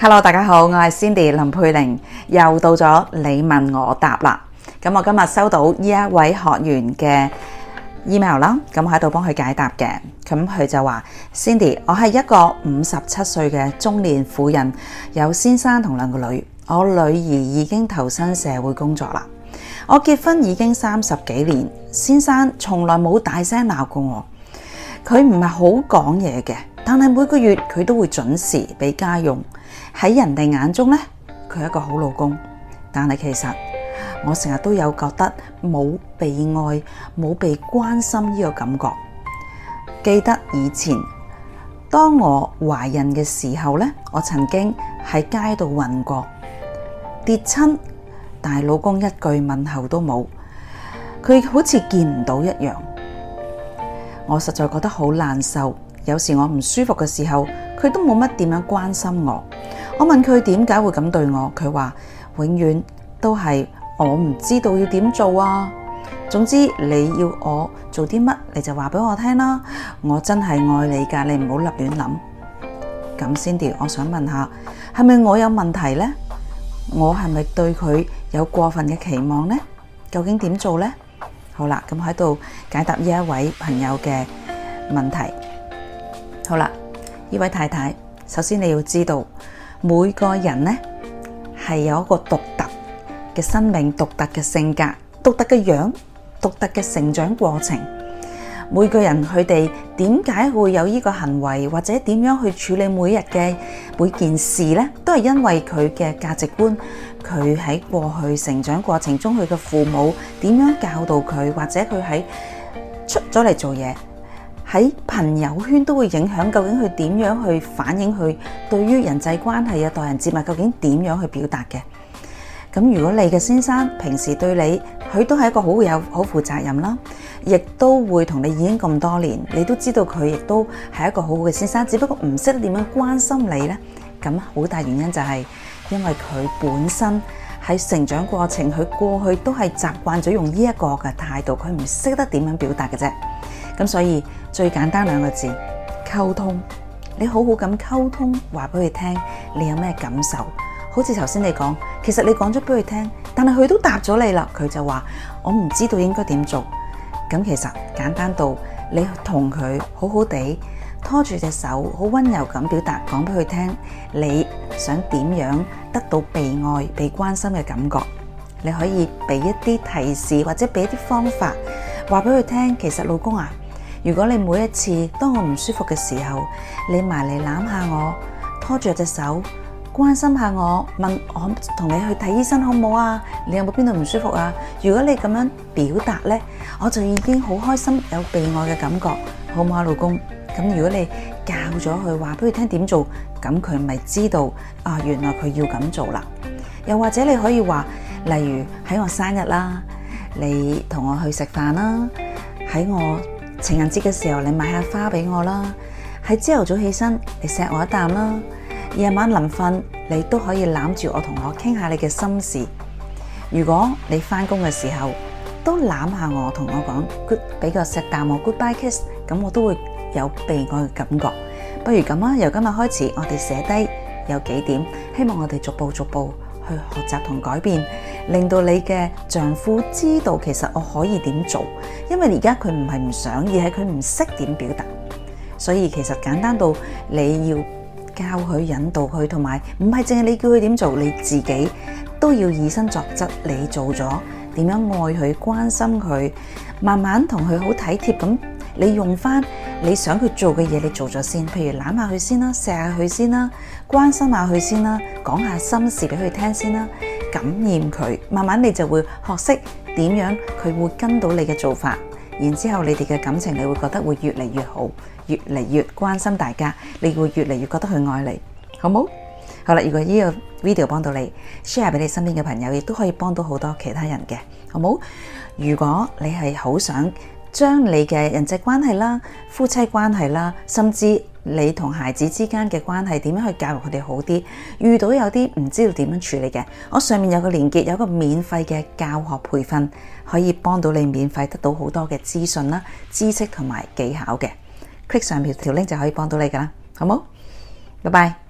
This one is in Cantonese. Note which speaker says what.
Speaker 1: Hello，大家好，我係 Cindy 林佩玲，又到咗你問我答啦。咁我今日收到呢一位學員嘅 email 啦，咁我喺度幫佢解答嘅。咁佢就話 Cindy，我係一個五十七歲嘅中年婦人，有先生同兩個女。我女兒已經投身社會工作啦。我結婚已經三十幾年，先生從來冇大聲鬧過我，佢唔係好講嘢嘅。但係每個月佢都會準時俾家用，喺人哋眼中咧，佢係一個好老公。但係其實我成日都有覺得冇被愛、冇被關心呢個感覺。記得以前當我懷孕嘅時候咧，我曾經喺街度暈過，跌親，但係老公一句問候都冇，佢好似見唔到一樣，我實在覺得好難受。有時我唔舒服嘅時候，佢都冇乜點樣關心我。我問佢點解會咁對我，佢話永遠都係我唔知道要點做啊。總之你要我做啲乜，你就話俾我聽啦。我真係愛你噶，你唔好立亂諗。咁 Cindy，我想問下，係咪我有問題呢？我係咪對佢有過分嘅期望呢？究竟點做呢？好啦，咁喺度解答呢一位朋友嘅問題。好啦，呢位太太，首先你要知道，每個人呢，係有一個獨特嘅生命、獨特嘅性格、獨特嘅樣、獨特嘅成長過程。每個人佢哋點解會有呢個行為，或者點樣去處理每日嘅每件事呢，都係因為佢嘅價值觀，佢喺過去成長過程中，佢嘅父母點樣教導佢，或者佢喺出咗嚟做嘢。喺朋友圈都會影響，究竟佢點樣去反映，佢對於人際關係啊、待人接物，究竟點樣去表達嘅？咁如果你嘅先生平時對你，佢都係一個好有好負責任啦，亦都會同你已經咁多年，你都知道佢亦都係一個好好嘅先生，只不過唔識得點樣關心你呢。咁好大原因就係因為佢本身喺成長過程，佢過去都係習慣咗用呢一個嘅態度，佢唔識得點樣表達嘅啫。咁所以最簡單兩個字溝通，你好好咁溝通，話俾佢聽你有咩感受。好似頭先你講，其實你講咗俾佢聽，但係佢都答咗你啦，佢就話我唔知道應該點做。咁其實簡單到你同佢好好地拖住隻手，好温柔咁表達，講俾佢聽你想點樣得到被愛、被關心嘅感覺。你可以俾一啲提示，或者俾一啲方法，話俾佢聽。其實老公啊。如果你每一次當我唔舒服嘅時候，你埋嚟攬下我，拖住隻手，關心下我，問我同你去睇醫生好唔好啊？你有冇邊度唔舒服啊？如果你咁樣表達呢，我就已經好開心，有被愛嘅感覺，好唔好啊，老公？咁如果你教咗佢話俾佢聽點做，咁佢咪知道啊？原來佢要咁做啦。又或者你可以話，例如喺我生日啦，你同我去食飯啦，喺我，情人節嘅時候，你買下花俾我啦；喺朝頭早起身，你錫我一啖啦；夜晚臨瞓，你都可以攬住我同我傾下你嘅心事。如果你返工嘅時候都攬下我同我講 good，畀個錫啖我 goodbye kiss，咁我都會有被愛嘅感覺。不如咁啊，由今日開始，我哋寫低有幾點，希望我哋逐步逐步去學習同改變。令到你嘅丈夫知道，其實我可以點做，因為而家佢唔係唔想，而係佢唔識點表達。所以其實簡單到你要教佢、引導佢，同埋唔係淨係你叫佢點做，你自己都要以身作則。你做咗點樣愛佢、關心佢，慢慢同佢好體貼咁，你用翻你想佢做嘅嘢，你做咗先。譬如攬下佢先啦，錫下佢先啦，關心下佢先啦，講下心事俾佢聽先啦。感染佢，慢慢你就會學識點樣佢會跟到你嘅做法，然之後你哋嘅感情你會覺得會越嚟越好，越嚟越關心大家，你會越嚟越覺得佢愛你，好冇？好啦，如果呢個 video 幫到你，share 俾你身邊嘅朋友，亦都可以幫到好多其他人嘅，好冇？如果你係好想將你嘅人際關係啦、夫妻關係啦，甚至。你同孩子之間嘅關係點樣去教育佢哋好啲？遇到有啲唔知道點樣處理嘅，我上面有個連結，有個免費嘅教學培訓，可以幫到你免費得到好多嘅資訊啦、知識同埋技巧嘅。click 上面條 link 就可以幫到你㗎喇，好冇？拜拜。